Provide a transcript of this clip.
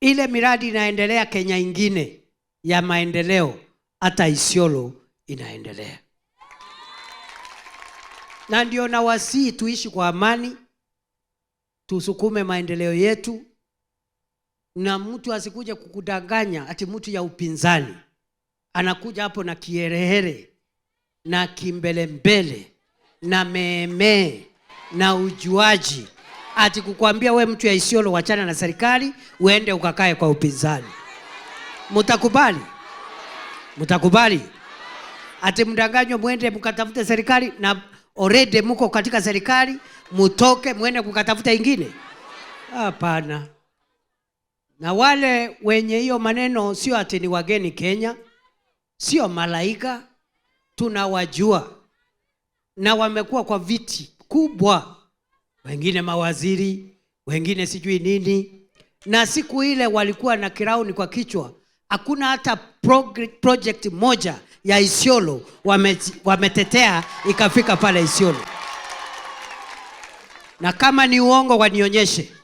ile miradi inaendelea Kenya ingine ya maendeleo, hata Isiolo inaendelea. Na ndio nawasii tuishi kwa amani, tusukume maendeleo yetu, na mtu asikuje kukudanganya ati mtu ya upinzani anakuja hapo na kiherehere na kimbelembele na meemee na ujuaji ati kukwambia we mtu ya Isiolo wachana na serikali uende ukakae kwa upinzani. Mtakubali? Mtakubali? Ati mdanganywe mwende mkatafute serikali na orede mko katika serikali, mutoke mwende kukatafuta ingine? Hapana. Na wale wenye hiyo maneno sio ati ni wageni Kenya, sio malaika, tunawajua na wamekuwa kwa viti kubwa wengine mawaziri, wengine sijui nini. Na siku ile walikuwa na kirauni kwa kichwa, hakuna hata project moja ya Isiolo wame, wametetea ikafika pale Isiolo. Na kama ni uongo wanionyeshe.